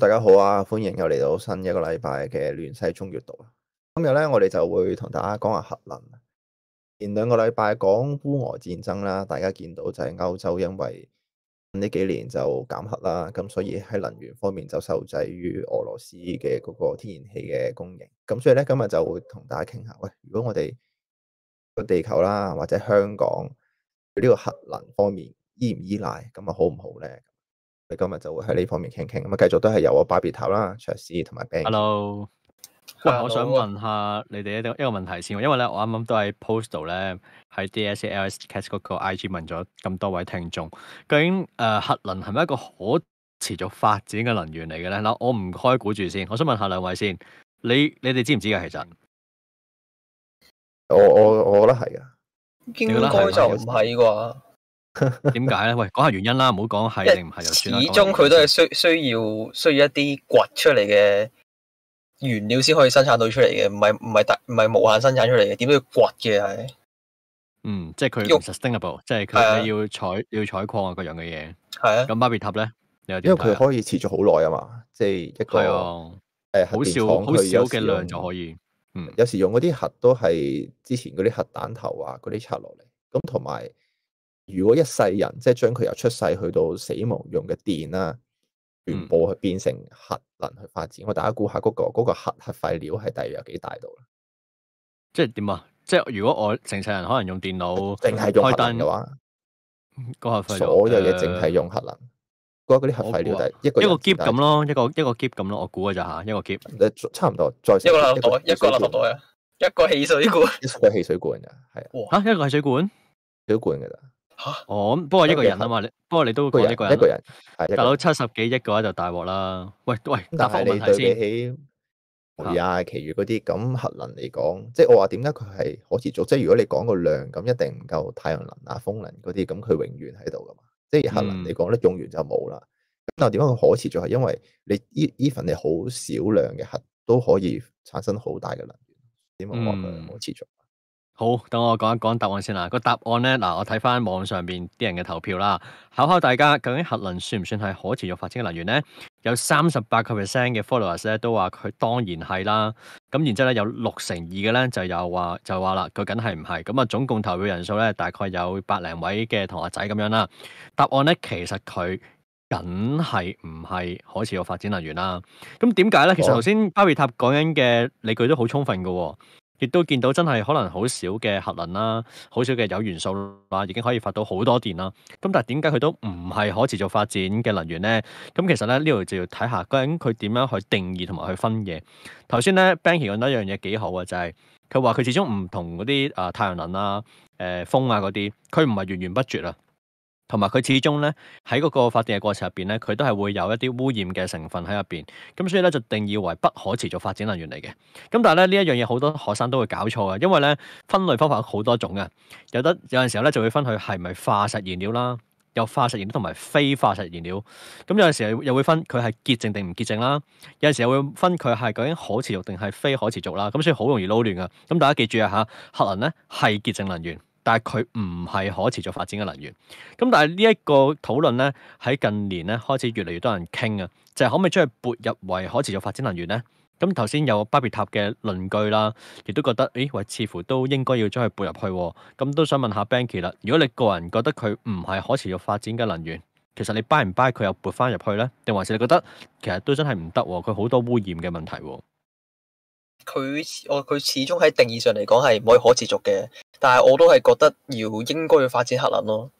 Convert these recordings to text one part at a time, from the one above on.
大家好啊，歡迎又嚟到新一個禮拜嘅亂世中閱讀啊。今日咧，我哋就會同大家講下核能。前兩個禮拜講烏俄戰爭啦，大家見到就係歐洲因為呢幾年就減核啦，咁所以喺能源方面就受制於俄羅斯嘅嗰個天然氣嘅供應。咁所以咧，今日就會同大家傾下，喂，如果我哋個地球啦，或者香港喺呢個核能方面依唔依賴，咁啊好唔好咧？你今日就會喺呢方面傾傾，咁啊繼續都係由我巴別塔啦、卓斯同埋 Ben。Hello，喂，我想問下你哋一個一個問題先，因為咧我啱啱都喺 post 度咧喺 DSCLScast 嗰個 IG 問咗咁多位聽眾，究竟誒、呃、核能係咪一個可持續發展嘅能源嚟嘅咧？嗱，我唔開估住先，我想問下兩位先，你你哋知唔知噶？其實我我我覺得係噶，應該就唔係啩？點解咧？喂，講下原因啦，唔好講係定唔係就算啦。始終佢都係需需要需要一啲掘出嚟嘅原料先可以生產到出嚟嘅，唔係唔係唔係無限生產出嚟嘅，點都要掘嘅係。嗯，即係佢 sustainable，用即係佢要採要採礦啊各樣嘅嘢。係啊，咁核電池咧，啊啊啊、因為佢可以持續好耐啊嘛，即係一個係好少好少嘅量就可以。嗯，有時用嗰啲、嗯、核都係之前嗰啲核彈頭啊，嗰啲拆落嚟，咁同埋。如果一世人即係將佢由出世去到死亡用嘅電啦，全部去變成核能去發展，我大家估下嗰個個核核廢料係大約幾大度咧？即係點啊？即係如果我成世人可能用電腦定係用開燈嘅話，嗰個所有嘢淨係用核能，嗰嗰啲核廢料係一個一個 keep 咁咯，一個一個 keep 咁咯，我估嘅咋？吓一個 keep 差唔多，再一個垃圾袋一個垃圾袋啊，一個汽水罐，一個汽水罐啊，係吓一個汽水罐，水罐噶咋。哦，咁，不過一個人啊嘛，你人不過你都講一,一個人，一個人，大佬七十幾億嘅話就大鑊啦。喂喂，答翻問題先。係啊，的其餘嗰啲咁核能嚟講，即係我話點解佢係可持續？即係如果你講個量咁，一定唔夠太陽能啊、風能嗰啲咁，佢永遠喺度噶嘛。即係核能嚟講咧，嗯、用完就冇啦。但係點解佢可持續？係因為你依依份你好少量嘅核都可以產生好大嘅能源，點解話佢冇持續？嗯好，等我講一講答案先啦。個答案咧，嗱，我睇翻網上邊啲人嘅投票啦。考考大家，究竟核能算唔算係可持續發展嘅能源咧？有三十八個 percent 嘅 followers 咧都話佢當然係啦。咁然之後咧有六成二嘅咧就又話就話啦，佢梗係唔係。咁啊，總共投票人數咧大概有百零位嘅同學仔咁樣啦。答案咧其實佢梗係唔係可持續發展能源啦。咁點解咧？好其實頭先阿貝塔講緊嘅理據都好充分噶。亦都見到真係可能好少嘅核能啦，好少嘅鈾元素啊，已經可以發到好多電啦。咁但係點解佢都唔係可持續發展嘅能源咧？咁其實咧呢度就要睇下究竟佢點樣去定義同埋去分嘢。頭先咧，Benjamin 講一樣嘢幾好嘅就係佢話佢始終唔同嗰啲啊太陽能啊、誒、呃、風啊嗰啲，佢唔係源源不絕啊。同埋佢始終咧喺嗰個發電嘅過程入邊咧，佢都係會有一啲污染嘅成分喺入邊，咁所以咧就定義為不可持續發展能源嚟嘅。咁但係咧呢一樣嘢好多學生都會搞錯嘅，因為咧分類方法好多種嘅，有得有陣時候咧就會分佢係咪化石燃料啦，有化石燃料同埋非化石燃料。咁有陣時又會分佢係潔淨定唔潔淨啦，有陣時又會分佢係究竟可持續定係非可持續啦。咁所以好容易撈亂嘅。咁大家記住啊吓，核能咧係潔淨能源。但係佢唔係可持續發展嘅能源，咁但係呢一個討論呢，喺近年呢開始越嚟越多人傾啊，就係、是、可唔可以將佢撥入為可持續發展能源呢？咁頭先有巴別塔嘅論據啦，亦都覺得，咦喂，似乎都應該要將佢撥入去、哦，咁都想問下 Benki 啦，如果你個人覺得佢唔係可持續發展嘅能源，其實你掰唔掰佢又撥返入去呢？定還是你覺得其實都真係唔得，佢好多污染嘅問題、哦。佢我佢始終喺定義上嚟講係唔可以可持續嘅，但係我都係覺得要應該要發展核能咯，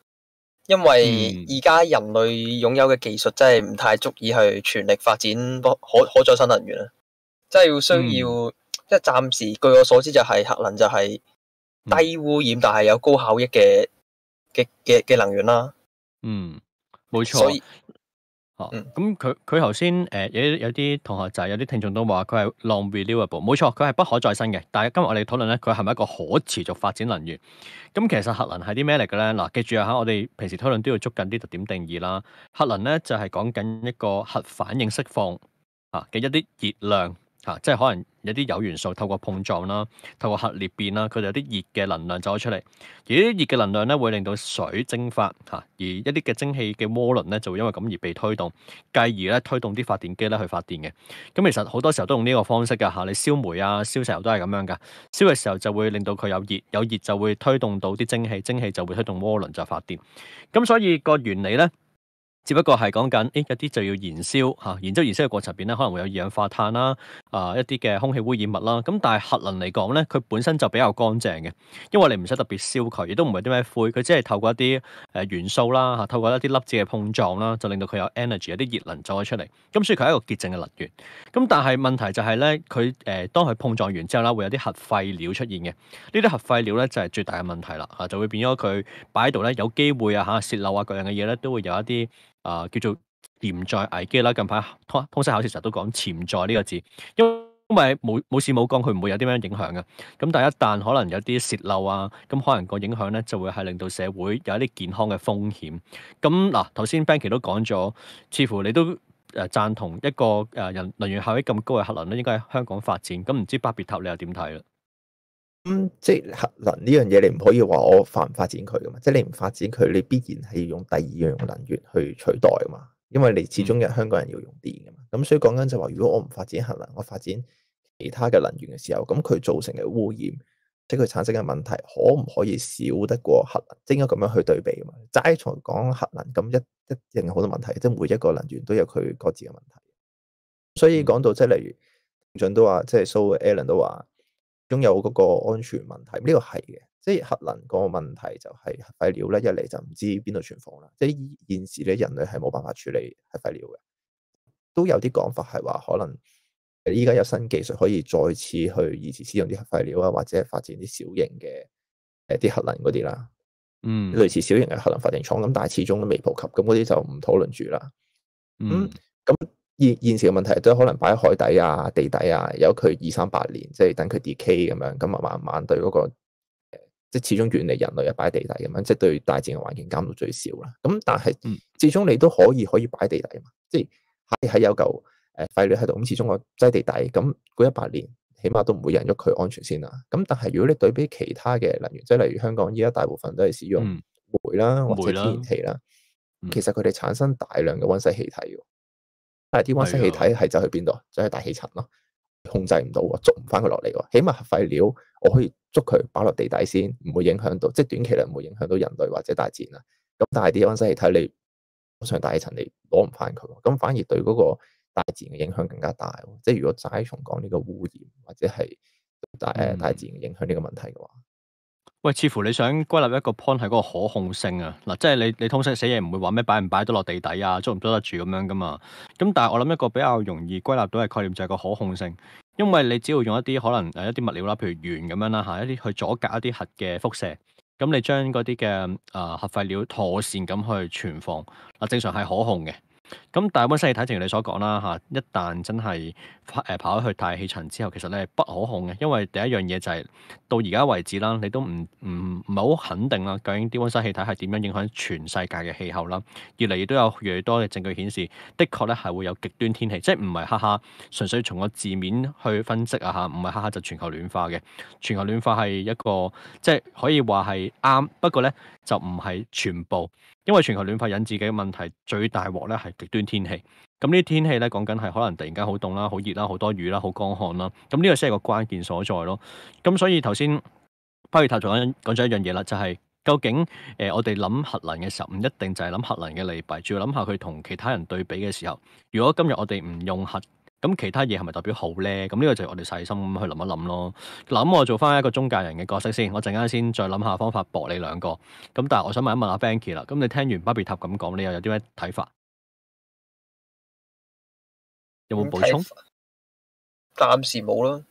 因為而家人類擁有嘅技術真係唔太足以去全力發展可可再生能源啦，即係要需要即係、嗯、暫時據我所知就係、是、核能就係低污染但係有高效益嘅嘅嘅嘅能源啦，嗯，冇錯。所以哦，咁佢佢頭先誒有有啲同學就係有啲聽眾都話佢係 non-renewable，冇錯，佢係不可再生嘅。但係今日我哋討論咧，佢係咪一個可持續發展能源？咁、嗯、其實核能係啲咩嚟嘅咧？嗱、啊，記住啊，我哋平時討論都要捉緊啲特點定義啦。核能咧就係講緊一個核反應釋放啊嘅一啲熱量。嚇、啊，即係可能有啲有元素透過碰撞啦、啊，透過核裂變啦、啊，佢哋有啲熱嘅能量走咗出嚟。而啲熱嘅能量咧，會令到水蒸發嚇、啊，而一啲嘅蒸汽嘅渦輪咧，就會因為咁而被推動，繼而咧推動啲發電機咧去發電嘅。咁、嗯、其實好多時候都用呢個方式㗎嚇、啊，你燒煤啊、燒石油都係咁樣噶。燒嘅時候就會令到佢有熱，有熱就會推動到啲蒸汽，蒸汽就會推動渦輪就發電。咁、嗯、所以個原理咧，只不過係講緊，誒一啲就要燃燒嚇，然、啊、之後燃燒嘅過程入邊咧，可能會有二氧化碳啦。啊啊啊啊啊、呃，一啲嘅空氣污染物啦，咁但係核能嚟講咧，佢本身就比較乾淨嘅，因為你唔使特別燒佢，亦都唔係啲咩灰，佢只係透過一啲誒元素啦嚇、啊，透過一啲粒子嘅碰撞啦，就令到佢有 energy，有啲熱能走咗出嚟。咁、嗯、所以佢係一個潔淨嘅能源。咁、嗯、但係問題就係咧，佢誒、呃、當佢碰撞完之後啦，會有啲核廢料出現嘅。廢呢啲核廢料咧就係、是、最大嘅問題啦，嚇、啊、就會變咗佢擺喺度咧，有機會啊嚇洩漏啊各樣嘅嘢咧，都會有一啲啊，啊叫做。潛在危機啦！近排通通識考試成日都講潛在呢個字，因為冇冇事冇講，佢唔會有啲咩影響嘅。咁但係一旦可能有啲洩漏啊，咁可能個影響咧就會係令到社會有一啲健康嘅風險。咁嗱，頭、啊、先 Benji 都講咗，似乎你都誒贊同一個誒人能源效益咁高嘅核能咧，應該喺香港發展。咁唔知巴別塔你又點睇啦？咁、嗯、即係核能呢樣嘢，你唔可以話我發唔發展佢噶嘛？即係你唔發展佢，你必然係要用第二樣能源去取代嘛？因為你始終有香港人要用電㗎嘛，咁所以講緊就話，如果我唔發展核能，我發展其他嘅能源嘅時候，咁佢造成嘅污染，即係佢產生嘅問題，可唔可以少得過核能？即係應該咁樣去對比嘛。齋從講核能，咁一一定好多問題，即係每一個能源都有佢各自嘅問題。所以講到即係例如，俊都話，即係 So Allen 都話，總有嗰個安全問題，呢、這個係嘅。即係核能個問題就係核廢料咧，一嚟就唔知邊度存放啦。即係現時咧，人類係冇辦法處理核廢料嘅。都有啲講法係話可能，依家有新技術可以再次去二次使用啲核廢料啊，或者發展啲小型嘅誒，啲核能嗰啲啦。嗯，類似小型嘅核能發電廠咁，但係始終都未普及，咁嗰啲就唔討論住啦。嗯，咁現、嗯、現時嘅問題都可能擺喺海底啊、地底啊，有佢二三百年，即係等佢 decay 咁樣，咁啊慢慢對嗰、那個。即係始終遠離人類一擺地底咁樣，即係對大自然嘅環境減到最少啦。咁但係始終你都可以可以擺地底嘛，嗯、即係喺喺有嚿誒廢料喺度咁，始終我擠地底咁嗰一百年，起碼都唔會引咗佢安全先啦。咁但係如果你對比其他嘅能源，即係例如香港依家大部分都係使用煤啦、嗯、或者天然氣啦，啊、其實佢哋產生大量嘅溫室氣體嘅，但係啲溫室氣體係走去邊度？走去大氣層咯。嗯嗯控制唔到，捉唔翻佢落嚟喎。起碼核廢料我可以捉佢擺落地底先，唔會影響到，即係短期嚟唔會影響到人類或者大自然啦。咁大啲溫室氣體你上大氣層嚟攞唔翻佢，咁反而對嗰個大自然嘅影響更加大。即係如果齋從講呢個污染，或者係大誒、嗯、大自然影響呢個問題嘅話。喂，似乎你想歸納一個 point 係個可控性啊。嗱、啊，即係你你通識寫嘢唔會話咩擺唔擺得落地底啊，捉唔捉得住咁樣噶嘛？咁但係我諗一個比較容易歸納到嘅概念就係個可控性，因為你只要用一啲可能誒一啲物料啦，譬如鉛咁樣啦吓、啊，一啲去阻隔一啲核嘅輻射，咁你將嗰啲嘅誒核廢料妥善咁去存放，嗱、啊，正常係可控嘅。咁大温室氣體，正如你所講啦，吓，一旦真係跑誒跑咗去大氣層之後，其實咧不可控嘅，因為第一樣嘢就係、是、到而家為止啦，你都唔唔唔係好肯定啦，究竟啲温室氣體係點樣影響全世界嘅氣候啦？越嚟越都有越多嘅證據顯示，的確咧係會有極端天氣，即係唔係哈哈，純粹從個字面去分析啊吓，唔係哈哈就全球暖化嘅。全球暖化係一個即係可以話係啱，不過咧。就唔係全部，因為全球暖化引致嘅問題，最大鑊咧係極端天氣。咁呢啲天氣咧講緊係可能突然間好凍啦、好熱啦、好多雨啦、好乾旱啦。咁呢個先係個關鍵所在咯。咁所以頭先包爾塔仲講咗一樣嘢啦，就係、是、究竟誒、呃、我哋諗核能嘅時候，唔一定就係諗核能嘅利弊，仲要諗下佢同其他人對比嘅時候。如果今日我哋唔用核咁其他嘢係咪代表好咧？咁呢個就係我哋細心去諗一諗咯。諗我做翻一個中介人嘅角色先，我陣間先再諗下方法駁你兩個。咁但係我想問一問阿 Benki 啦，咁你聽完巴別塔咁講，你又有啲咩睇法？有冇補充？嗯、暫時冇啦。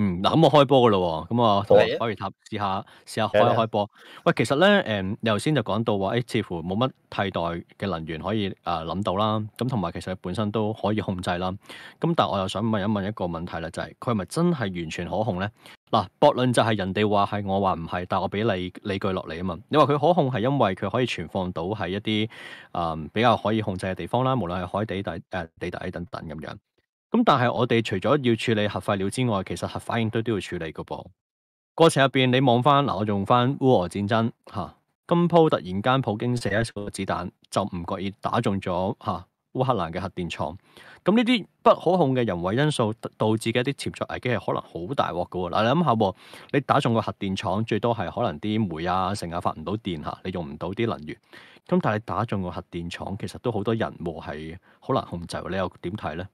嗯，嗱咁我開波噶啦喎，咁、嗯、啊，火如塔試下試下開一開波。喂，其實咧，誒、嗯，你頭先就講到話，誒、哎，似乎冇乜替代嘅能源可以誒諗、呃、到啦。咁同埋其實本身都可以控制啦。咁、嗯、但係我又想問一問一個問題咧，就係佢係咪真係完全可控咧？嗱，駁論就係人哋話係，我話唔係，但我俾你理，理據落嚟啊嘛。你話佢可控係因為佢可以存放到喺一啲誒、呃、比較可以控制嘅地方啦，無論係海底底誒、呃、地底，底等等咁樣。咁但係我哋除咗要處理核廢料之外，其實核反應堆都要處理噶噃。過程入邊，你望翻嗱，我用翻烏俄戰爭吓，今、啊、鋪突然間普京射一個子彈，就唔覺意打中咗吓烏克蘭嘅核電廠。咁呢啲不可控嘅人為因素導致嘅一啲潛在危機係可能好大鑊噶。嗱、啊，你諗下、啊，你打中個核電廠，最多係可能啲煤啊成日發唔到電吓、啊，你用唔到啲能源。咁、啊、但係你打中個核電廠，其實都好多人禍係好難控制。你又點睇咧？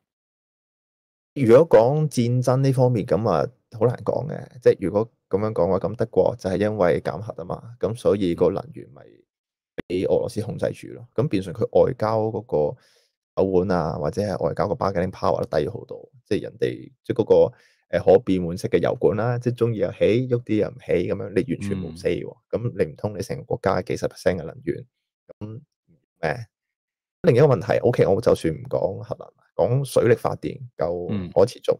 如果講戰爭呢方面咁啊，好難講嘅。即係如果咁樣講話，咁德國就係因為減核啊嘛，咁所以個能源咪俾俄羅斯控制住咯。咁變成佢外交嗰個手腕啊，或者係外交個 bargaining power 都低咗好多。即係人哋即係嗰個誒可變換式嘅油管啦、啊，即係中意又起，喐啲又唔起咁樣，你完全冇死。咁、嗯、你唔通你成個國家幾十 percent 嘅能源咁咩、嗯？另一個問題，OK，我就算唔講核能。講水力發電夠可持續，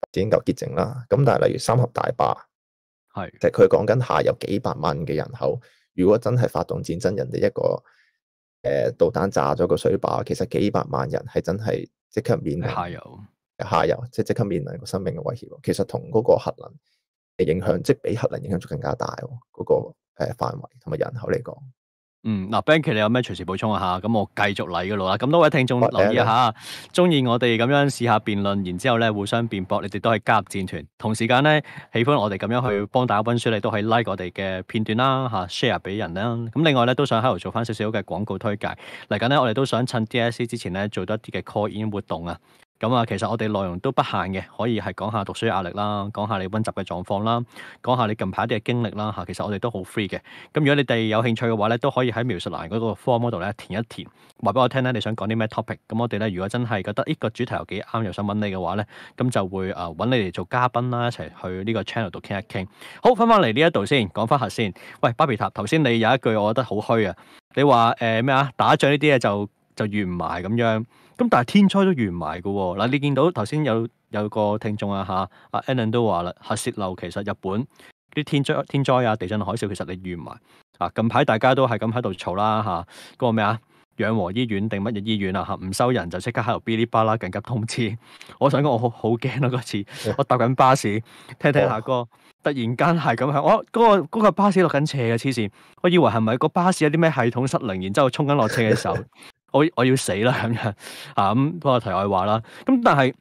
發展夠潔淨啦。咁但係例如三峽大壩，係的，即係佢講緊下游幾百萬嘅人口，如果真係發動戰爭，人哋一個誒、呃、導彈炸咗個水壩，其實幾百萬人係真係即刻面臨下游，下游即係即刻面臨個生命嘅威脅。其實同嗰個核能嘅影響，即係比核能影響仲更加大。嗰、那個誒範圍同埋人口嚟講。嗯，嗱，Benke，你有咩隨時補充一下，咁我繼續嚟嗰度啦。咁多位聽眾留意一下，中意、啊呃、我哋咁樣試下辯論，然之後咧互相辯駁，你哋都係加入戰團。同時間咧，喜歡我哋咁樣去幫大家温書，嗯、你都可以 like 我哋嘅片段啦，吓、啊、share 俾人啦。咁另外咧，都想喺度做翻少少嘅廣告推介。嚟緊咧，我哋都想趁 DSE 之前咧，做多一啲嘅 call in 活動啊。咁啊，其實我哋內容都不限嘅，可以係講下讀書壓力啦，講下你溫習嘅狀況啦，講下你近排啲嘅經歷啦嚇。其實我哋都好 free 嘅。咁如果你哋有興趣嘅話咧，都可以喺描述欄嗰個 form 嗰度咧填一填，話俾我聽咧你想講啲咩 topic。咁我哋咧如果真係覺得呢個主題又幾啱，又想揾你嘅話咧，咁就會誒揾你哋做嘉賓啦，一齊去呢個 channel 度傾一傾。好，翻翻嚟呢一度先，講翻下先。喂，巴比塔，頭先你有一句我覺得好虛啊，你話誒咩啊？打仗呢啲嘢就就完唔埋咁樣。咁但係天災都預唔埋嘅喎，嗱你見到頭先有有個聽眾啊嚇，阿 Allen 都話啦，核泄漏其實日本啲天災天災啊、地震海嘯其實你預唔埋。嗱近排大家都係咁喺度嘈啦嚇，嗰個咩啊，養和醫院定乜嘢醫院啊嚇，唔收人就即刻喺度噼哩啪啦緊急通知。我想講我好驚嗰次，我搭緊巴士聽聽下歌，rey, 突然間係咁響，我嗰個嗰個巴士落緊斜嘅黐線！我以為係咪個巴士有啲咩系統失靈，然之後衝緊落車嘅時候。 我我要死啦咁嘅啊咁，不過題外話啦。咁但係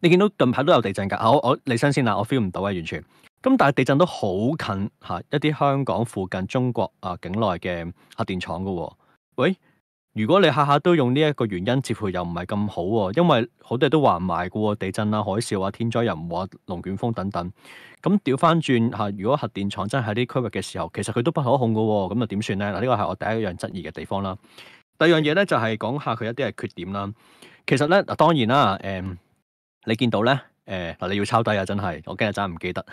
你見到近排都有地震㗎。我我你先先啦，我 feel 唔到啊，完全。咁但係地震都好近吓，一啲香港附近中國啊境內嘅核電廠嘅、哦。喂，如果你下下都用呢一個原因，似乎又唔係咁好喎、哦。因為好多人都話唔埋嘅喎，地震啦、海嘯啊、天災又唔話龍捲風等等。咁調翻轉吓，如果核電廠真係喺啲區域嘅時候，其實佢都不可控嘅喎、哦。咁啊點算咧？嗱，呢個係我第一樣質疑嘅地方啦。第二樣嘢咧就係、是、講下佢一啲嘅缺點啦。其實咧，嗱，當然啦，誒、呃，你見到咧，誒、呃、嗱，你要抄低啊，真係，我驚日真係唔記得。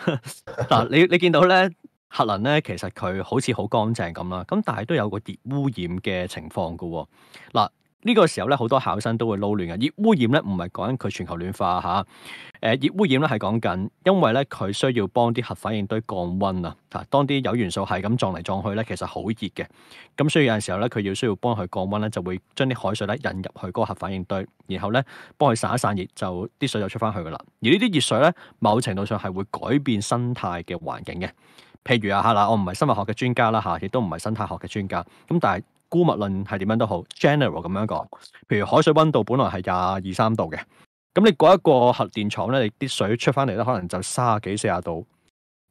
嗱， 你你見到咧，核能咧，其實佢好似好乾淨咁啦，咁但係都有個熱污染嘅情況噶。嗱。呢個時候咧，好多考生都會撈亂嘅。熱污染咧，唔係講緊佢全球暖化吓，誒、啊，熱污染咧係講緊，因為咧佢需要幫啲核反應堆降温啊吓。當啲鈾元素係咁撞嚟撞去咧，其實好熱嘅，咁所以有陣時候咧，佢要需要幫佢降温咧，就會將啲海水咧引入去嗰個核反應堆，然後咧幫佢散一散熱，就啲水就出返去㗎喇。而呢啲熱水咧，某程度上係會改變生態嘅環境嘅。譬如啊，吓嗱，我唔係生物學嘅專家啦，吓亦都唔係生態學嘅專家。咁但係估物論係點樣都好，general 咁樣講。譬如海水溫度本來係廿二三度嘅，咁你過一個核電廠咧，你啲水出翻嚟咧，可能就卅幾四十度，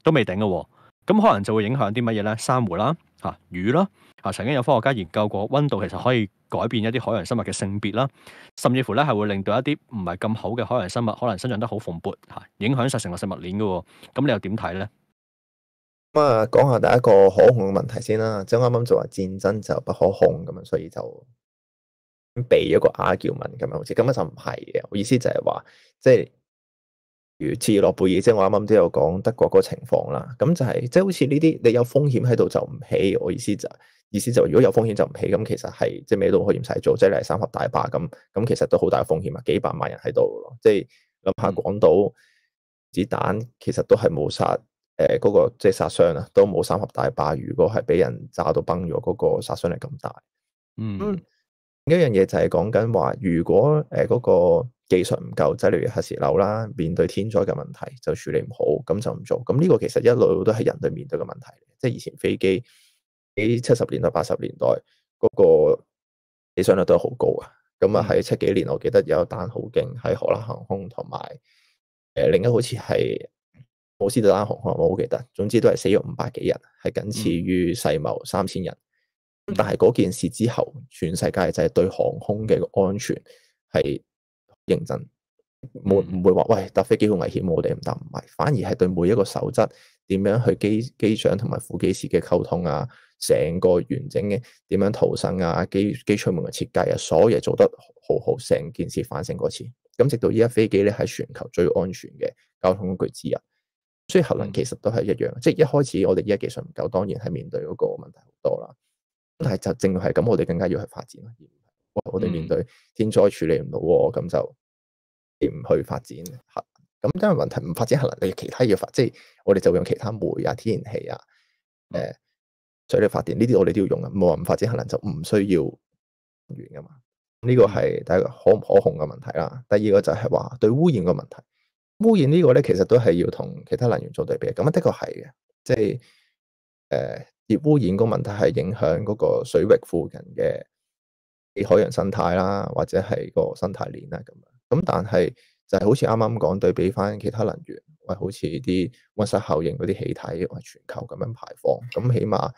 都未頂嘅。咁可能就會影響啲乜嘢咧？珊瑚啦，吓魚啦，吓、啊、曾經有科學家研究過，溫度其實可以改變一啲海洋生物嘅性別啦，甚至乎咧係會令到一啲唔係咁好嘅海洋生物可能生長得好蓬勃，吓、啊、影響晒成個食物鏈嘅。咁你又點睇咧？咁啊，講下第一個可控嘅問題先啦，即係啱啱就話戰爭就不可控咁啊，所以就避咗個啞叫問咁啊，好似根本就唔係嘅，我意思就係話即係切爾諾貝爾，即係我啱啱都有講德國個情況啦，咁就係、是、即係好似呢啲你有風險喺度就唔起，我意思就是、意思就是、如果有風險就唔起，咁其實係即係咩都可以唔使做，即係你係三峽大壩咁，咁其實都好大嘅風險啊，幾百萬人喺度咯，即係諗下廣島子彈其實都係冇殺。誒嗰、呃那個即係殺傷啊，都冇三峽大壩。如果係俾人炸到崩咗，嗰、那個殺傷力咁大。嗯，嗯，另一樣嘢就係講緊話，如果誒嗰、呃那個技術唔夠，例如核洩漏啦，面對天災嘅問題就處理唔好，咁就唔做。咁、嗯、呢、這個其實一路都係人類面對嘅問題。即係以前飛機喺七十年代、八十年代嗰、那個死傷率都係好高啊。咁啊喺七幾年，我記得有一單好勁，喺荷蘭航空同埋誒另一個好似係。我斯蒂拉航空我好記得，總之都係死咗五百幾人，係僅次於世貿三千人。咁但係嗰件事之後，全世界就係對航空嘅安全係認真，唔唔會話喂，搭飛機好危險，我哋唔搭唔係，反而係對每一個守則，點樣去機機長同埋副機師嘅溝通啊，成個完整嘅點樣逃生啊，機機艙門嘅設計啊，所有嘢做得好好，成件事反省過次，咁直到依家飛機咧係全球最安全嘅交通工具之一。所以核能其實都係一樣，即係一開始我哋依家技術唔夠，當然係面對嗰個問題好多啦。但係就正係咁，我哋更加要去發展而，而我哋面對天災處理唔到，咁就點去發展。嚇！咁因為問題唔發展核能，你其他要發，即係我哋就用其他煤啊、天然氣啊、誒水力發電，呢啲我哋都要用啊。冇話唔發展核能就唔需要能源噶嘛。呢個係第一個可唔可控嘅問題啦。第二個就係話對污染嘅問題。污染個呢個咧，其實都係要同其他能源做對比，咁啊的確係嘅，即係誒熱污染個問題係影響嗰個水域附近嘅海洋生態啦，或者係個生態鏈啦咁。咁但係就係、是、好似啱啱講對比翻其他能源，喂好似啲溫室效應嗰啲氣體或全球咁樣排放，咁起碼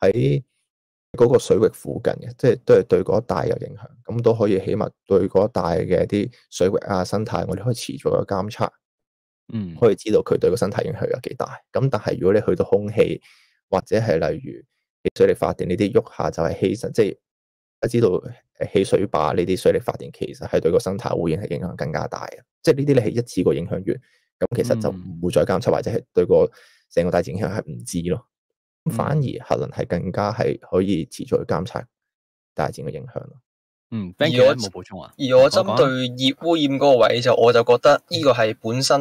喺嗰個水域附近嘅，即係都係對嗰一帶有影響，咁都可以起碼對嗰一帶嘅啲水域啊生態，我哋可以持續嘅監測。嗯，可以知道佢對個生態影響有幾大。咁但係如果你去到空氣或者係例如水力發電呢啲喐下就係犧牲，即係我知道氣水壩呢啲水力發電其實係對個生態污染係影響更加大嘅。即係呢啲你係一次過影響完，咁其實就唔會再監測，或者係對個成個大自然影響係唔知咯。反而核能係更加係可以持續去監測大自然嘅影響咯。嗯，而我冇補充啊。而我針對熱污染嗰個位就，我就覺得呢個係本身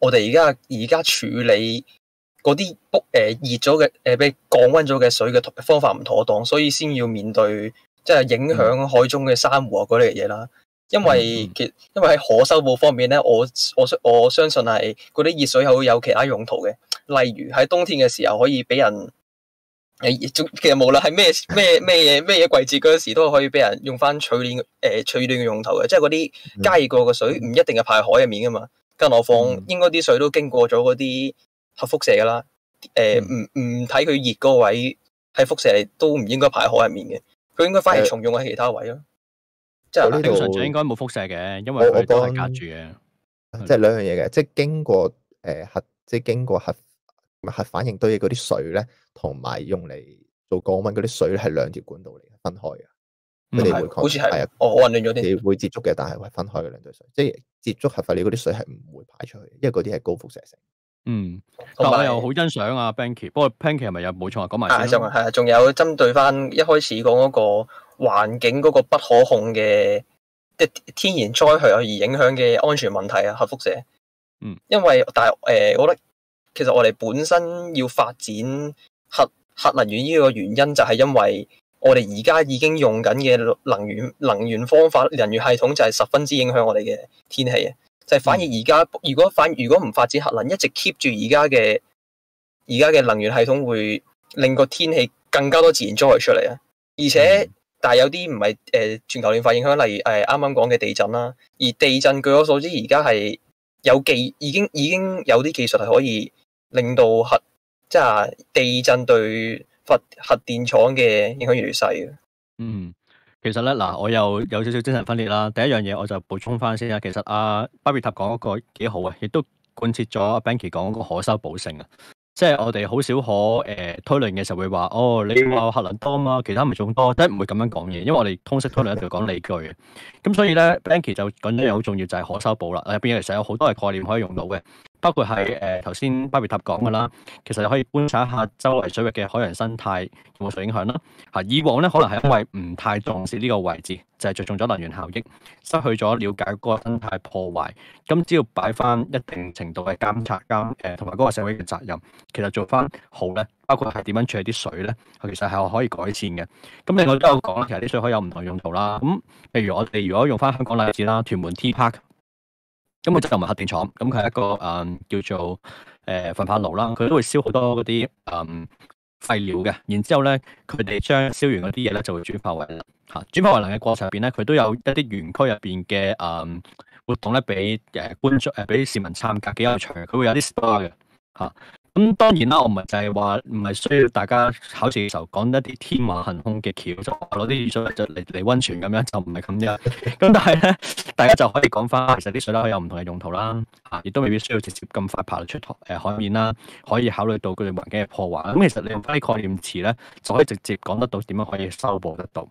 我哋而家而家處理嗰啲 b 誒熱咗嘅誒俾降溫咗嘅水嘅方法唔妥當，所以先要面對即係、就是、影響海中嘅珊瑚啊嗰類嘢啦。因為其因為喺可修補方面咧，我我我相信係嗰啲熱水係會有其他用途嘅，例如喺冬天嘅時候可以俾人。誒，其實無論係咩咩咩嘢咩嘢季節嗰時，都可以俾人用翻取暖誒取暖嘅用途嘅，即係嗰啲加熱過嘅水，唔、嗯、一定係排海入面噶嘛。更何況，應該啲水都經過咗嗰啲核輻射噶啦。誒、呃，唔唔睇佢熱嗰位係輻射，都唔應該排海入面嘅。佢應該反而重用喺其他位咯。嗯、即係嗰度應該冇輻射嘅，因為佢都係隔住嘅。即係兩樣嘢嘅，即係經過誒核，即係經過核。核反應堆嗰啲水咧，同埋用嚟做降溫嗰啲水咧，係兩條管道嚟，嘅，分開嘅。佢、嗯、會好似係，係啊、哎，我、哦、混亂咗啲。會接觸嘅，但係係分開嘅兩條水，即係接觸核廢料嗰啲水係唔會排出去，因為嗰啲係高輻射性。嗯，但我又好欣賞啊 Banky，不過 Banky 係咪又冇錯啊？講埋、嗯。係啊，係啊，仲有針對翻一開始講嗰個環境嗰個不可控嘅即係天然災害而影響嘅安全問題啊，核輻射。嗯。因為但係誒、呃，我覺得。其實我哋本身要發展核核能源呢個原因，就係因為我哋而家已經用緊嘅能源能源方法、能源系統就係十分之影響我哋嘅天氣啊。就係、是、反而而家如果反如果唔發展核能，一直 keep 住而家嘅而家嘅能源系統，會令個天氣更加多自然災害出嚟啊。而且、嗯、但係有啲唔係誒全球暖化影響，例如誒啱啱講嘅地震啦。而地震據我所知，而家係有技已經已經有啲技術係可以。令到核即係地震對核核電廠嘅影響越嚟越細嘅。嗯，其實咧嗱，我又有少少精神分裂啦。第一樣嘢我就補充翻先啊。其實阿 Babita 講嗰個幾好啊，亦都貫徹咗 Banky 講嗰個可修補性啊。即係我哋好少可誒、呃、推論嘅時候會話，哦，你話核能多嘛，其他唔係仲多，第一唔會咁樣講嘢，因為我哋通識推論一定要講理據嘅。咁所以咧，Banky 就講一樣好重要，就係可修補啦。入邊其實有好多嘅概念可以用到嘅。包括喺誒頭先巴比塔講嘅啦，其實可以觀察一下周圍水域嘅海洋生態有冇受影響啦。嚇、啊，以往咧可能係因為唔太重視呢個位置，就係、是、着重咗能源效益，失去咗了，了解嗰個生態破壞。咁只要擺翻一定程度嘅監察監誒，同埋嗰個社會嘅責任，其實做翻好咧，包括係點樣處理啲水咧，其實係可以改善嘅。咁另外都有講啦，其實啲水可以有唔同用途啦。咁譬如我哋如果用翻香港例子啦，屯門 T Park。咁佢就唔係核電廠，咁佢係一個誒、呃、叫做誒焚化爐啦，佢、呃、都會燒好多嗰啲誒廢料嘅，然之後咧佢哋將燒完嗰啲嘢咧就會轉化為能，嚇、啊、轉化為能嘅過程入邊咧，佢都有一啲園區入邊嘅誒活動咧，俾誒、呃、觀眾誒俾市民參加幾有趣，佢會有啲 SPA 嘅嚇。啊。咁當然啦，我唔係就係話唔係需要大家考試嘅時候講一啲天馬行空嘅橋，就攞啲雨水就嚟嚟温泉咁樣，就唔係咁樣。咁 但係咧，大家就可以講翻，其實啲水咧有唔同嘅用途啦，嚇，亦都未必需要直接咁快爬出誒海面啦，可以考慮到佢哋環境嘅破壞。咁其實你用翻概念詞咧，就可以直接講得到點樣可以修補得到。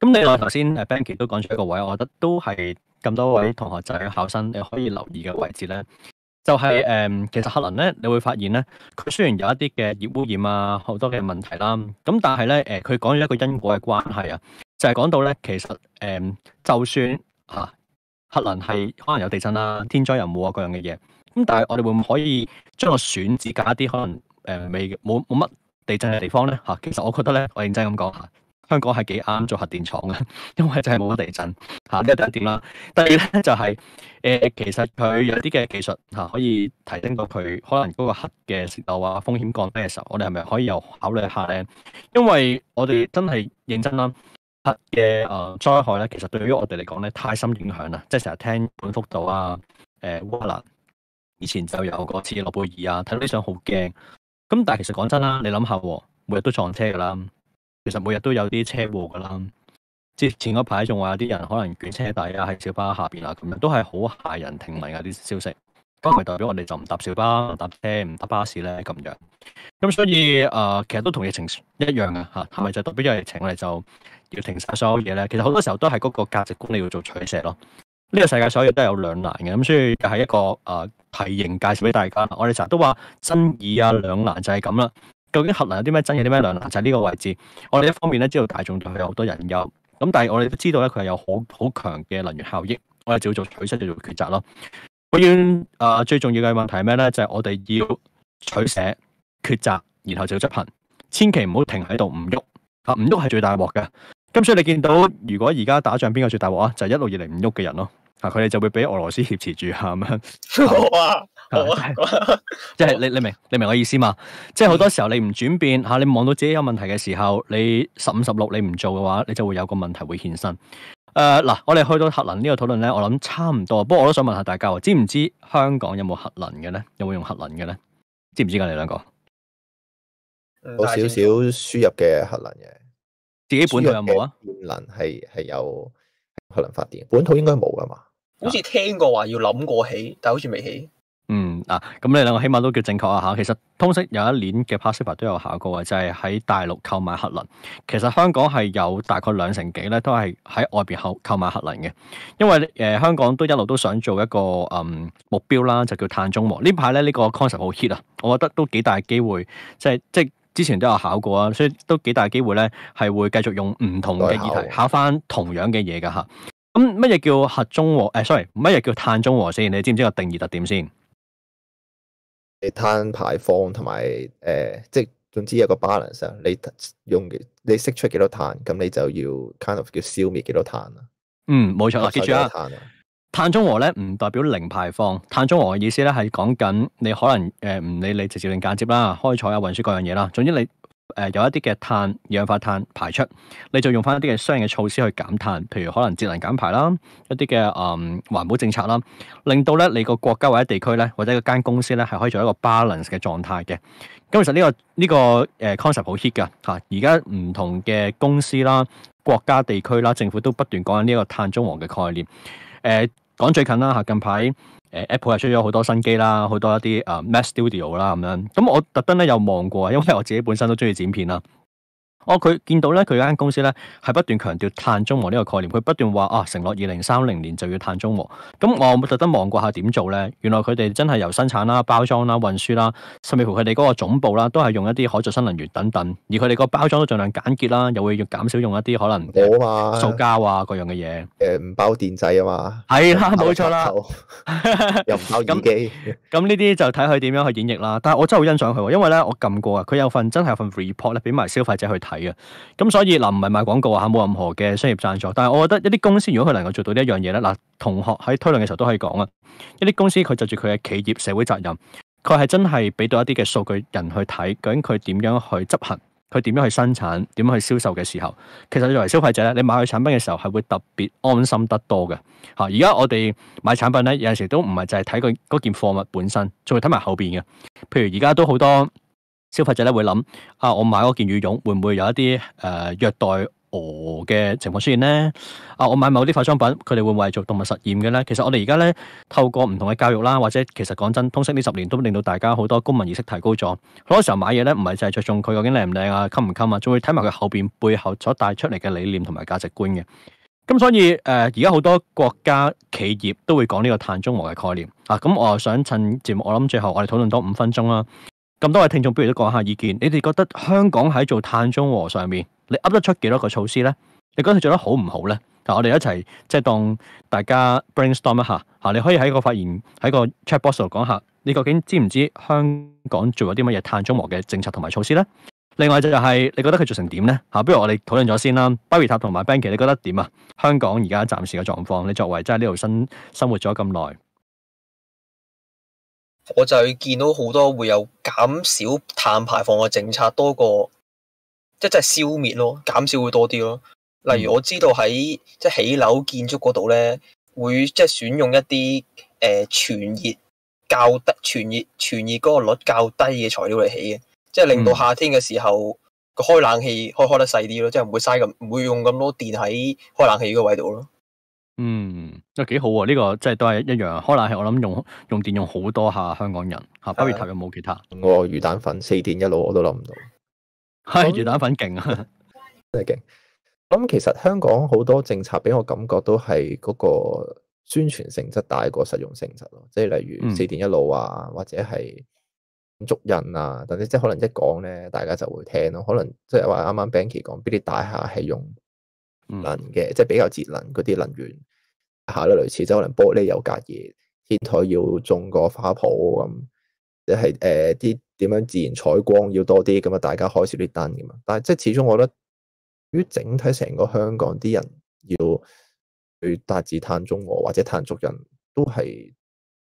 咁 你話頭先誒 Benjie 都講咗一個位，我覺得都係咁多位同學仔考生誒可以留意嘅位置咧。就係、是、誒、嗯，其實核能咧，你會發現咧，佢雖然有一啲嘅熱污染啊，好多嘅問題啦、啊，咁但係咧，誒，佢講咗一個因果嘅關係啊，就係、是、講到咧，其實誒、嗯，就算吓核能係可能有地震啦、啊、天災人禍啊各樣嘅嘢，咁但係我哋會唔可以將個選址揀一啲可能誒未冇冇乜地震嘅地方咧吓、啊？其實我覺得咧，我認真咁講吓。香港係幾啱做核電廠嘅，因為就係冇地震嚇，呢 個第一點啦。第二咧就係、是、誒、呃，其實佢有啲嘅技術嚇、啊，可以提升到佢可能嗰個核嘅泄漏啊風險降低嘅時候，我哋係咪可以又考慮一下咧？因為我哋真係認真啦、啊，核嘅誒災害咧，其實對於我哋嚟講咧太深影響啦，即係成日聽本福島啊、誒烏克蘭，以前就有嗰次諾貝爾啊，睇到啲相好驚。咁但係其實講真啦，你諗下、啊，每日都撞車㗎啦。其實每日都有啲車禍噶啦，即前嗰排仲話有啲人可能捲車底啊，喺小巴下邊啊，咁樣都係好嚇人停、停聞嘅啲消息。咁唔係代表我哋就唔搭小巴、唔搭車、唔搭巴士咧，咁樣。咁所以誒、呃，其實都同疫情一樣嘅吓，係咪就代表因疫情我哋就要停晒所有嘢咧？其實好多時候都係嗰個價值觀你要做取捨咯。呢、呢個世界所有都係有兩難嘅，咁所以就係一個誒提型介紹俾大家。我哋成日都話爭議啊，兩難就係咁啦。究竟核能有啲咩爭議，啲咩兩難就係、是、呢個位置。我哋一方面咧，知道大眾佢有好多人憂，咁但係我哋都知道咧，佢係有好好強嘅能源效益。我哋就要做取捨，就要做抉擇咯。永遠啊最重要嘅問題係咩咧？就係、是、我哋要取捨、抉擇，然後就要執行。千祈唔好停喺度唔喐啊！唔喐係最大鑊嘅。咁所以你見到如果而家打仗邊個最大鑊啊？就係、是、一路以嚟唔喐嘅人咯。佢哋就會俾俄羅斯挾持住嚇咁樣。哇、 啊！ 即係你你明你明我意思嘛？即係好多時候你唔轉變嚇，你望到自己有問題嘅時候，你十五十六你唔做嘅話，你就會有個問題會衍生。誒、uh, 嗱，我哋去到核能呢個討論咧，我諗差唔多。不過我都想問下大家喎，知唔知香港有冇核能嘅咧？有冇用核能嘅咧？知唔知噶你兩個？有少少輸入嘅核能嘅，自己本土有冇啊？核能係係有核能發電，本土應該冇噶嘛？好似聽過話要諗過起，但好似未起。嗯啊，咁你兩個起碼都叫正確啊嚇。其實通識有一年嘅 passive 都有考過啊，就係、是、喺大陸購買核能。其實香港係有大概兩成幾咧，都係喺外邊購購買核能嘅。因為誒、呃、香港都一路都想做一個誒、嗯、目標啦，就叫碳中和。呢排咧呢個 concept 好 hit 啊，我覺得都幾大機會。即係即係之前都有考過啊，所以都幾大機會咧，係會繼續用唔同嘅議題考返同樣嘅嘢㗎嚇。啊。咁乜嘢叫核中和？誒，sorry，乜嘢叫碳中和先？你知唔知個定義特點先？你碳排放同埋誒，即係總之有個 balance 啊。你用你釋出幾多碳，咁你就要 kind of 叫消滅幾多碳啊。嗯，冇錯。記住啊。碳中和咧唔代表零排放。碳中和嘅意思咧係講緊你可能誒，唔、呃、理你直接定間接啦，開採啊、運輸各樣嘢啦，總之你。誒、呃、有一啲嘅碳氧化碳排出，你就用翻一啲嘅相應嘅措施去減碳，譬如可能節能減排啦，一啲嘅誒環保政策啦，令到咧你個國家或者地區咧或者一間公司咧係可以做一個 balance 嘅狀態嘅。咁其實呢、呢個呢、呢個誒、呃、concept 好 hit 㗎嚇，而家唔同嘅公司啦、國家地區啦、政府都不斷講緊呢一個碳中和嘅概念。誒、呃、講最近啦嚇，近排。Apple 又出咗好多新機啦，好多一啲誒 Mac Studio 啦咁樣，咁我特登呢又望過，因為我自己本身都鍾意剪片啦。我佢見到咧，佢間公司咧係不斷強調碳中和呢個概念，佢不斷話啊，承諾二零三零年就要碳中和。咁、嗯、我、嗯、特登望過下點做咧，原來佢哋真係由生產啦、包裝啦、運輸啦，甚至乎佢哋嗰個總部啦，都係用一啲可再生能源等等。而佢哋個包裝都儘量簡潔啦，又會用減少用一啲可能塑膠啊嗰樣嘅嘢。誒唔、啊呃、包電掣啊嘛，係啦， 冇錯啦，又唔靠電機，咁呢啲就睇佢點樣去演繹啦。但係我真係好欣賞佢喎，因為咧我撳過啊，佢有份真係有份 report 咧，俾埋消費者去睇。係、嗯呃、啊，咁所以嗱，唔係賣廣告啊吓，冇任何嘅商業贊助，但係我覺得一啲公司如果佢能夠做到呢一樣嘢咧，嗱、啊，同學喺推論嘅時候都可以講啊，一啲公司佢就住佢嘅企業社會責任，佢係真係俾到一啲嘅數據人去睇究竟佢點樣去執行，佢點樣去生產，點樣去銷售嘅時候，其實作為消費者咧，你買佢產品嘅時候係會特別安心得多嘅吓。而家我哋買產品咧，有陣時都唔係淨係睇佢嗰件貨物本身，仲要睇埋後邊嘅，譬如而家都好多。消費者咧會諗啊，我買嗰件羽絨會唔會有一啲誒、呃、虐待鵝嘅情況出現呢？啊，我買某啲化妝品，佢哋會唔會係做動物實驗嘅咧？其實我哋而家咧透過唔同嘅教育啦，或者其實講真，通識呢十年都令到大家好多公民意識提高咗。好多時候買嘢咧唔係就係着重佢究竟靚唔靚啊、襟唔襟啊，仲會睇埋佢後邊背後所帶出嚟嘅理念同埋價值觀嘅。咁、嗯、所以誒而家好多國家企業都會講呢個碳中和嘅概念啊。咁、嗯、我又想趁節目，我諗最後我哋討論多五分鐘啦。咁多位聽眾，不如都講下意見。你哋覺得香港喺做碳中和上面，你噏得出幾多個措施呢？你覺得佢做得好唔好呢？嗱、啊，我哋一齊即係當大家 brainstorm 一下嚇、啊。你可以喺個發言喺個 chat box 度講下，你究竟知唔知香港做咗啲乜嘢碳中和嘅政策同埋措施呢？另外就係、是、你覺得佢做成點呢？嚇、啊，不如我哋討論咗先啦。Barry 塔同埋 Ben 奇，你覺得點啊？香港而家暫時嘅狀況，你作為即係呢度生生活咗咁耐。我就係見到好多會有減少碳排放嘅政策，多過即係消滅咯，減少會多啲咯。例如我知道喺即係起樓建築嗰度咧，會即係選用一啲誒全熱較低、全熱全熱嗰個率較低嘅材料嚟起嘅，即係令到夏天嘅時候個開冷氣開開得細啲咯，即係唔會嘥咁，唔會用咁多電喺開冷氣依個位度咯。嗯，即係都幾好啊！呢、呢個即係都係一樣，可能係我諗用用電用好多下，香港人吓。b i 的有冇其他？我魚蛋粉四電一路我都諗唔到，係、哎嗯、魚蛋粉勁啊，真係勁！咁其實香港好多政策，俾我感覺都係嗰個宣傳性質大過實用性質咯。即係例如四電一路啊，L, 或者係捉人啊，等等、嗯，啊、是即係可能一講咧，大家就會聽咯。可能即係話啱啱 Banky 講，啲大廈係用能嘅，嗯、即係比較節能嗰啲能源。下啦，類似即可能玻璃有隔熱，天台要種個花圃咁，即係誒啲點樣自然採光要多啲咁啊！大家開少啲燈咁嘛。但係即係始終我覺得，於整體成個香港啲人要去達至碳中和或者碳足印都係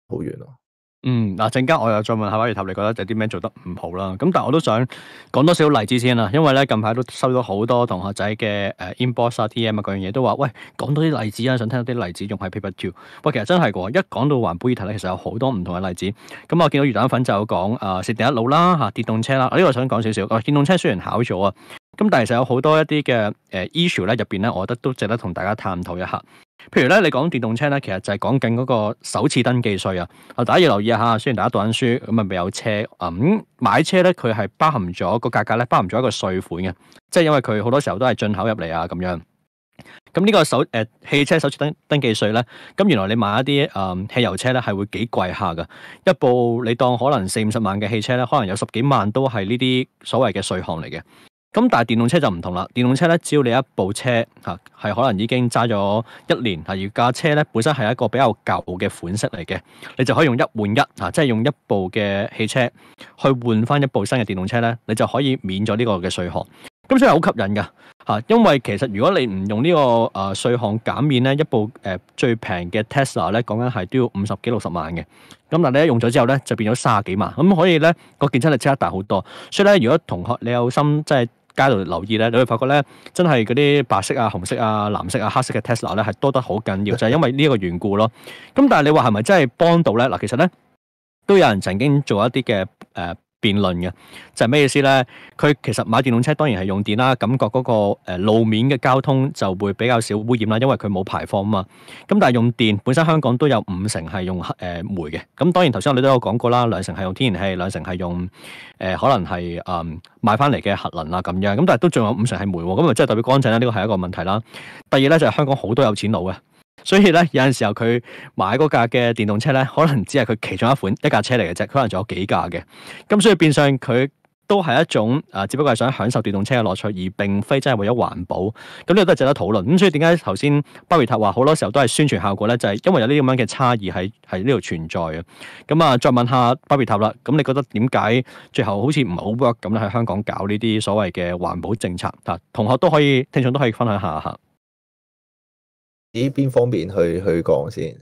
好遠咯。嗯，嗱，陣間我又再問下阿月塔，你覺得有啲咩做得唔好啦？咁，但係我都想講多少例子先啦，因為咧近排都收到好多同學仔嘅誒、呃、，inbox 啊、DM 啊嗰樣嘢，都話喂，講多啲例子啊，想聽到啲例子用喺 Paper 2。喂，其實真係噶，一講到環保議題咧，其實有好多唔同嘅例子。咁、嗯、我見到魚蛋粉就有講誒，食、呃、第一路啦吓、啊，電動車啦，呢、啊、個想講少少。誒、啊，電動車雖然考咗啊，咁但係其實有好多一啲嘅誒 issue 咧，入邊咧，我覺得都值得同大家探討一下。譬如咧，你講電動車咧，其實就係講緊嗰個首次登記稅啊！啊，大家要留意下，吓，雖然大家讀緊書，咁啊未有車啊咁買車咧，佢係包含咗個價格咧，包含咗一個稅款嘅，即係因為佢好多時候都係進口入嚟啊咁樣。咁、這、呢個首誒、呃、汽車首次登登記稅咧，咁原來你買一啲誒、呃、汽油車咧，係會幾貴下㗎？一部你當可能四五十萬嘅汽車咧，可能有十幾萬都係呢啲所謂嘅稅項嚟嘅。咁但係電動車就唔同啦，電動車咧，只要你一部車吓係可能已經揸咗一年，而架車咧本身係一個比較舊嘅款式嚟嘅，你就可以用一換一吓、啊，即係用一部嘅汽車去換翻一部新嘅電動車咧，你就可以免咗呢個嘅稅項。咁所以好吸引噶吓、啊，因為其實如果你唔用、這個呃、稅減呢個誒稅項減免咧，一部誒、呃、最平嘅 Tesla 咧，講緊係都要五十幾六十萬嘅。咁但係你一用咗之後咧，就變咗卅幾萬，咁可以咧個競爭力即刻大好多。所以咧，如果同學你有心即係。街度留意咧，你會發覺咧，真係嗰啲白色啊、紅色啊、藍色啊、黑色嘅 Tesla 咧，係多得好緊要，就係因為呢一個緣故咯。咁但係你話係咪真係幫到咧？嗱，其實咧都有人曾經做一啲嘅誒。呃辯論嘅就係、是、咩意思咧？佢其實買電動車當然係用電啦，感覺嗰個誒路面嘅交通就會比較少污染啦，因為佢冇排放啊嘛。咁但係用電本身香港都有五成係用誒煤嘅，咁、嗯、當然頭先我哋都有講過啦，兩成係用天然氣，兩成係用誒、呃、可能係誒、嗯、買翻嚟嘅核能啦，咁樣咁但係都仲有五成係煤，咁啊即係代表乾淨啦，呢個係一個問題啦。第二咧就係、是、香港好多有錢佬嘅。所以咧，有陣時候佢買嗰架嘅電動車咧，可能只係佢其中一款一架車嚟嘅啫，佢可能仲有幾架嘅。咁、嗯、所以變相佢都係一種啊、呃，只不過係想享受電動車嘅樂趣，而並非真係為咗環保。咁呢個都係值得討論。咁、嗯、所以點解頭先巴別塔話好多時候都係宣傳效果咧，就係、是、因為有呢咁樣嘅差異喺喺呢度存在嘅。咁、嗯、啊，再問下巴別塔啦。咁、嗯、你覺得點解最後好似唔係好 work 咁喺香港搞呢啲所謂嘅環保政策啊、嗯？同學都可以，聽眾都可以分享下嚇。咦？邊方面去去講先？誒、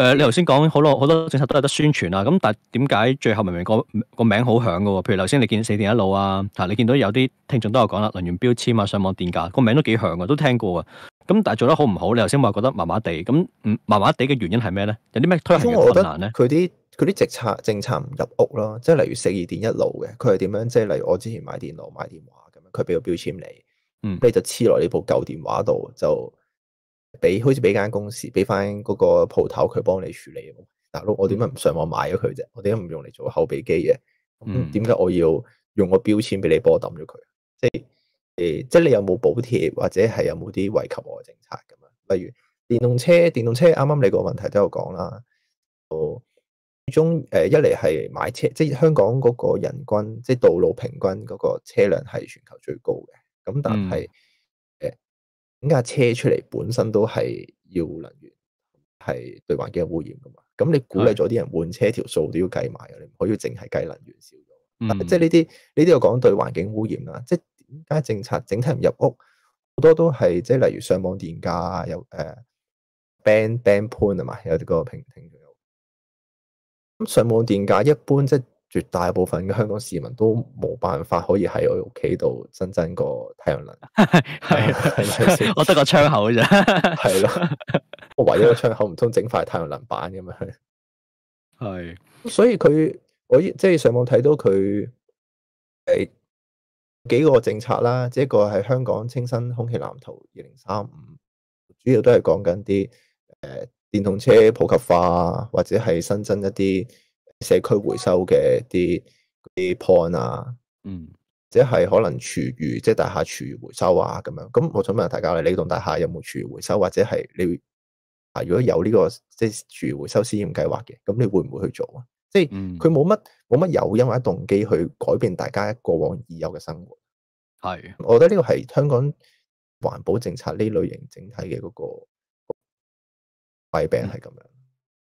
呃，你頭先講好多好多政策都有得宣傳啊。咁但係點解最後明明個個名好響嘅？譬如頭先你見四電一路啊、吓、啊、你見到有啲聽眾都有講啦，能源標籤啊，上網電價個名都幾響嘅，都聽過啊。咁但係做得好唔好？你頭先話覺得麻麻地。咁麻麻地嘅原因係咩咧？有啲咩推行嘅困難咧？佢啲佢啲政策政策唔入屋咯。即係例如四電一路嘅，佢係點樣？即係例如我之前買電腦買電話咁，佢俾個標籤你，嗯，你就黐落呢部舊電話度就。俾好似俾間公司俾翻嗰個鋪頭佢幫你處理，大佬我點解唔上網買咗佢啫？我點解唔用嚟做後備機嘅？點解我要用個標籤俾你波抌咗佢？即係誒、呃，即係你有冇補貼或者係有冇啲惠及我嘅政策咁啊？例如電動車，電動車啱啱你個問題都有講啦。最終誒，一嚟係買車，即係香港嗰個人均即係道路平均嗰個車輛係全球最高嘅，咁但係。嗯點解車出嚟本身都係要能源，係對環境污染噶嘛？咁你鼓勵咗啲人換車，條數都要計埋，你唔可以淨係計能源少咗。嗯，即係呢啲呢啲又講對環境污染啦。即係點解政策整體唔入屋，好多都係即係例如上網電價有誒、呃、ban ban point 啊嘛，有呢個評，仲有咁上網電價一般即係。絕大部分嘅香港市民都冇辦法可以喺我屋企度新增個太陽能，我得個窗口啫， 係 咯 是，我唯一個窗口唔通整塊太陽能板咁樣，係，所以佢我即係上網睇到佢係、嗯、幾個政策啦，即一個係香港清新空氣藍圖二零三五，主要都係講緊啲誒電動車普及化或者係新增一啲。社區回收嘅啲啲 point 啊，嗯，即係可能廚餘，即係大廈廚餘回收啊咁樣。咁我想問下大家，你呢棟大廈有冇廚餘回收，或者係你啊？如果有呢個即係廚餘回收試驗計劃嘅，咁你會唔會去做啊？即係佢冇乜冇乜誘因或者動機去改變大家過往已有嘅生活。係，我覺得呢個係香港環保政策呢類型整體嘅嗰個弊病係咁樣。嗯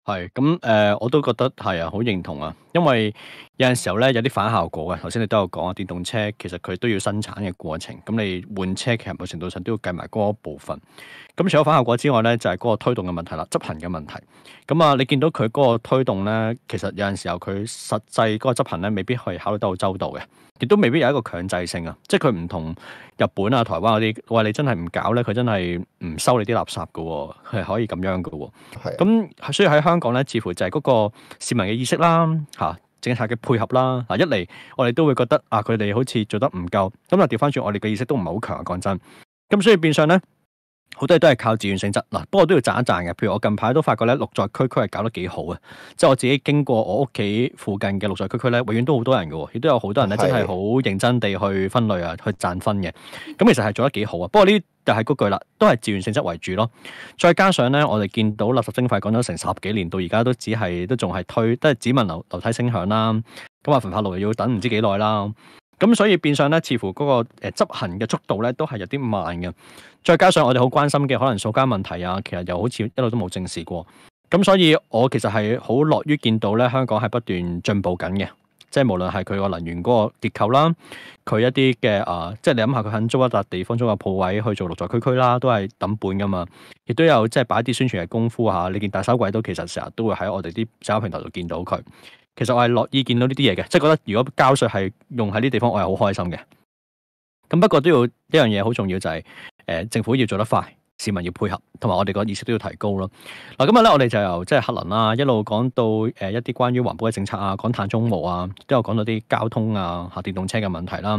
係，咁誒、呃，我都覺得係啊，好認同啊，因為。有陣時候咧，有啲反效果嘅。頭先你都有講啊，電動車其實佢都要生產嘅過程，咁你換車其實某程度上都要計埋嗰一部分。咁除咗反效果之外咧，就係、是、嗰個推動嘅問題啦，執行嘅問題。咁啊，你見到佢嗰個推動咧，其實有陣時候佢實際嗰個執行咧，未必可以考慮得周到嘅，亦都未必有一個強制性啊。即係佢唔同日本啊、台灣嗰、啊、啲，喂、哎，你真係唔搞咧，佢真係唔收你啲垃圾嘅、哦，係可以咁樣嘅、哦。係咁的，所以喺香港咧，似乎就係嗰個市民嘅意識啦，嚇、啊。政策嘅配合啦，嗱，一嚟我哋都會覺得啊，佢哋好似做得唔夠，咁啊，調翻轉我哋嘅意識都唔係好強啊，講真，咁所以變相咧，好多嘢都係靠自願性質嗱，不過都要賺一賺嘅。譬如我近排都發覺咧，綠在區區係搞得幾好啊，即係我自己經過我屋企附近嘅綠在區區咧，永遠都好多人嘅，亦都有好多人咧，真係好認真地去分類啊，去賺分嘅，咁其實係做得幾好啊，不過呢。就係嗰句啦，都係自願性質為主咯。再加上咧，我哋見到垃圾徵費講咗成十幾年，到而家都只係都仲係推，都係只聞樓樓梯聲響啦。咁啊，焚化爐又要等唔知幾耐啦。咁所以變相咧，似乎嗰、嗰個誒執行嘅速度咧都係有啲慢嘅。再加上我哋好關心嘅可能掃街問題啊，其實又好似一路都冇正視過。咁所以我其實係好樂於見到咧，香港係不斷進步緊嘅。即係無論係佢個能源嗰個結構啦，佢一啲嘅啊，即係你諗下佢肯租一笪地方租個鋪位去做六座區區啦，都係抌本㗎嘛。亦都有即係擺啲宣傳嘅功夫嚇、啊。你見大嘥鬼都其實成日都會喺我哋啲社交平台度見到佢。其實我係樂意見到呢啲嘢嘅，即係覺得如果交稅係用喺呢啲地方，我係好開心嘅。咁不過都要呢樣嘢好重要就係、是、誒、呃、政府要做得快。市民要配合，同埋我哋個意識都要提高咯。嗱，今日咧我哋就由即係核能啦，一路講到誒、呃、一啲關於環保嘅政策啊，講碳中和啊，都有講到啲交通啊、下電動車嘅問題啦、啊。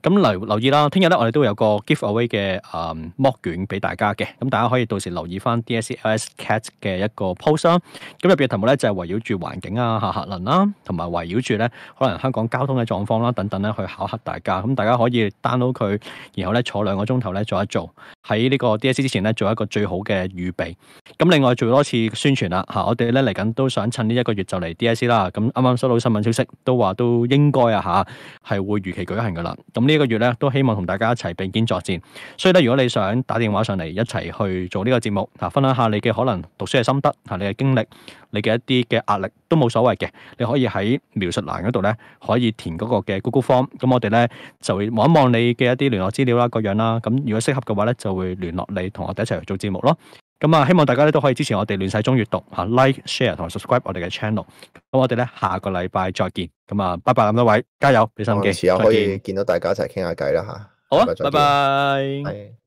咁、嗯、嚟留，留意啦，聽日咧我哋都有個 give away 嘅誒剝卷俾大家嘅，咁、嗯、大家可以到時留意翻 DSCLS Cat 嘅一個 post 啦、啊。咁入邊嘅題目咧就係圍繞住環境啊、下核能啦，同埋圍繞住咧可能香港交通嘅狀況啦等等咧去考核大家。咁、嗯、大家可以 download 佢，然後咧坐兩個鐘頭咧做一做喺呢個 DSC。做一個最好嘅預備，咁另外做多次宣傳啦嚇，我哋咧嚟緊都想趁呢一個月就嚟 DSE 啦，咁啱啱收到新聞消息都話都應該啊嚇，係會如期舉行噶啦，咁呢一個月咧都希望同大家一齊並肩作戰，所以咧如果你想打電話上嚟一齊去做呢個節目，啊分享下你嘅可能讀書嘅心得嚇，你嘅經歷，你嘅一啲嘅壓力。都冇所謂嘅，你可以喺描述欄嗰度咧，可以填嗰個嘅 Google Form。咁我哋咧就會望一望你嘅一啲聯絡資料啦，各樣啦。咁如果適合嘅話咧，就會聯絡你同我哋一齊去做節目咯。咁啊，希望大家咧都可以支持我哋亂世中閲讀嚇 Like Share 同埋 Subscribe 我哋嘅 channel。咁我哋咧下個禮拜再見。咁啊，拜拜咁多位，加油俾心機。我遲啲可以見到大家一齊傾下偈啦嚇。好啊，拜拜見。Bye bye。